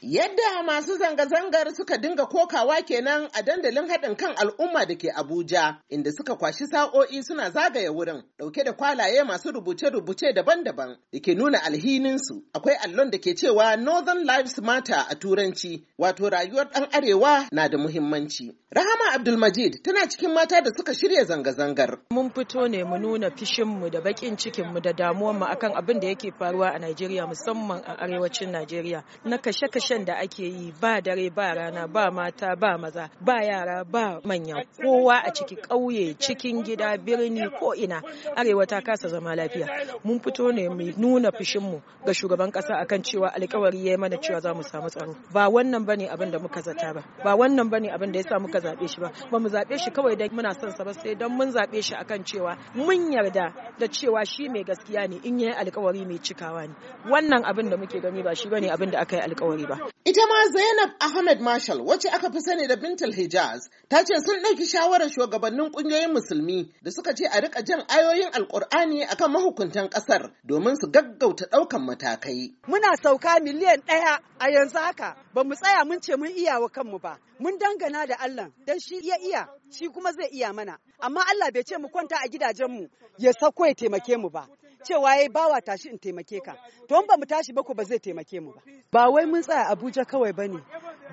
Yadda masu zanga-zangar suka dinga kokawa kenan a dandalin haɗin kan al'umma da ke Abuja, inda suka kwashi sa'o'i suna zagaya wurin ɗauke da kwalaye masu rubuce-rubuce daban-daban da ke nuna alhininsu. Akwai allon da ke cewa Northern Lives Matter a Turanci, wato rayuwar ɗan Arewa na da muhimmanci. Rahama Abdulmajid tana cikin mata da suka shirya zanga-zangar. Mun fito ne mu nuna fishinmu da baƙin cikinmu da damuwa mu akan abin da yake faruwa a Najeriya musamman a arewacin Najeriya na kashe-kashen da ake yi ba dare ba rana ba mata ba maza ba yara ba manya kowa a ciki ƙauye cikin gida birni ko ina arewa ta kasa zama lafiya mun fito ne mu nuna fushinmu ga shugaban ƙasa akan cewa alkawari ya mana cewa za mu samu tsaro ba wannan bane abin da muka zata ba ba wannan bane abin da yasa muka zabe shi ba ba mu zabe shi kawai dan muna son sa ba sai dan mun zabe shi akan cewa mun yarda da cewa shi mai gaskiya ne in yayi alkawari mai cikawa ne wannan abin da muke gani ba shi bane abin da aka yi alkawari ba ita ma Zainab Ahmed Marshall wacce aka fi sani da Bintul Hijaz ta ce sun ɗauki shawarar shugabannin ƙungiyoyin musulmi da suka ce a rika jan ayoyin alkur'ani akan mahukuntan ƙasar domin su gaggauta ɗaukan matakai muna sauka miliyan ɗaya a yanzu haka ba mu tsaya mun ce mun iya wa kanmu ba mun dangana da Allah dan shi ya iya shi kuma zai iya mana amma Allah bai ce mu kwanta a gidajenmu ya sako ya taimake mu ba cewa yayi bawa tashi in taimake ka to ba mu tashi ba ko ba zai taimake mu ba ba wai mun tsaya Abuja kawai bane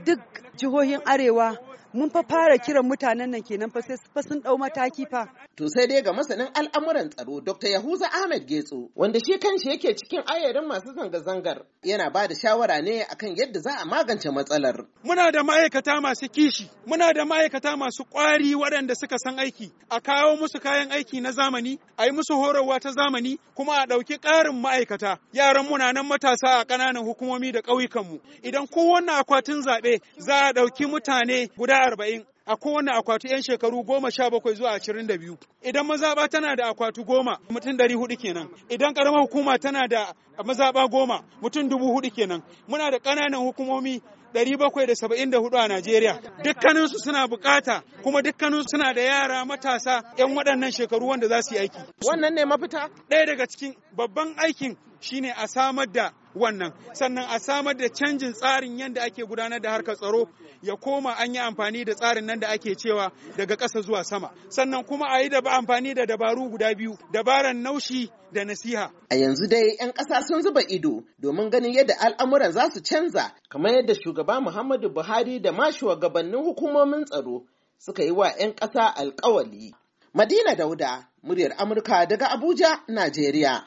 duk jihohin arewa mun fa fara kiran mutanen nan kenan fa sai sun dau mataki fa to sai dai ga masanin al'amuran tsaro Dr. Yahuza Ahmed Getso wanda shi kanshi yake cikin ayyarin masu zanga zangar yana ba da shawara ne akan yadda za a magance matsalar muna da ma'aikata masu kishi muna da ma'aikata masu kwari waɗanda suka san aiki a kawo musu kayan aiki na zamani a yi musu horarwa ta zamani kuma a ɗauki ƙarin ma'aikata yaran muna nan matasa a ƙananan hukumomi da ƙauyukanmu idan kowanne akwatin zaɓe za a ɗauki mutane guda arba'in a kowane akwatu 'yan shekaru goma sha bakwai zuwa ashirin da biyu idan mazaɓa tana da akwatu goma mutum dari hudu kenan idan ƙaramar hukuma tana da mazaɓa goma mutum dubu hudu kenan muna da ƙananan hukumomi dari bakwai da da saba'in hudu a Najeriya. Dukkaninsu suna bukata kuma dukkaninsu suna da yara matasa 'yan waɗannan shekaru wanda za su yi aiki. Wannan ne mafita? Ɗaya daga cikin babban aikin shine a samar da wannan sannan a samar da canjin tsarin yadda ake gudanar da harkar tsaro ya koma an yi amfani da tsarin nan da ake cewa daga ƙasa zuwa sama sannan kuma a yi da amfani da dabaru guda biyu dabaran naushi da nasiha a yanzu dai 'yan ƙasa sun zuba ido domin ganin yadda al'amuran za su canza kamar yadda shugaba muhammadu buhari da ma shugabannin hukumomin tsaro suka yi wa 'yan ƙasa alkawali madina dauda muryar amurka daga abuja najeriya